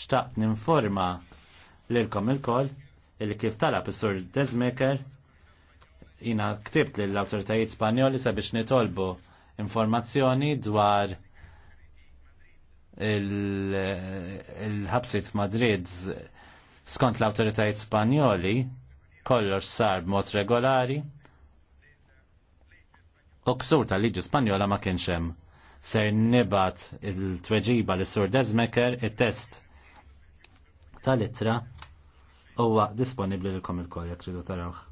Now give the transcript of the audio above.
Xtaqt ninforma lilkom il-koll illi kif talab is-sur Desmaker jina ktibt lill awtoritajiet Spanjoli sabiex nitolbu informazzjoni dwar il-ħabsit il f'Madrid skont l awtoritajiet Spanjoli kollox sar b'mod regolari u ksur tal-liġi Spanjola ma kienx hemm. Ser nibat il-tweġiba l-sur Desmaker it-test tal-ittra huwa disponibbli lilkom il-kol jekk tridu tarawh.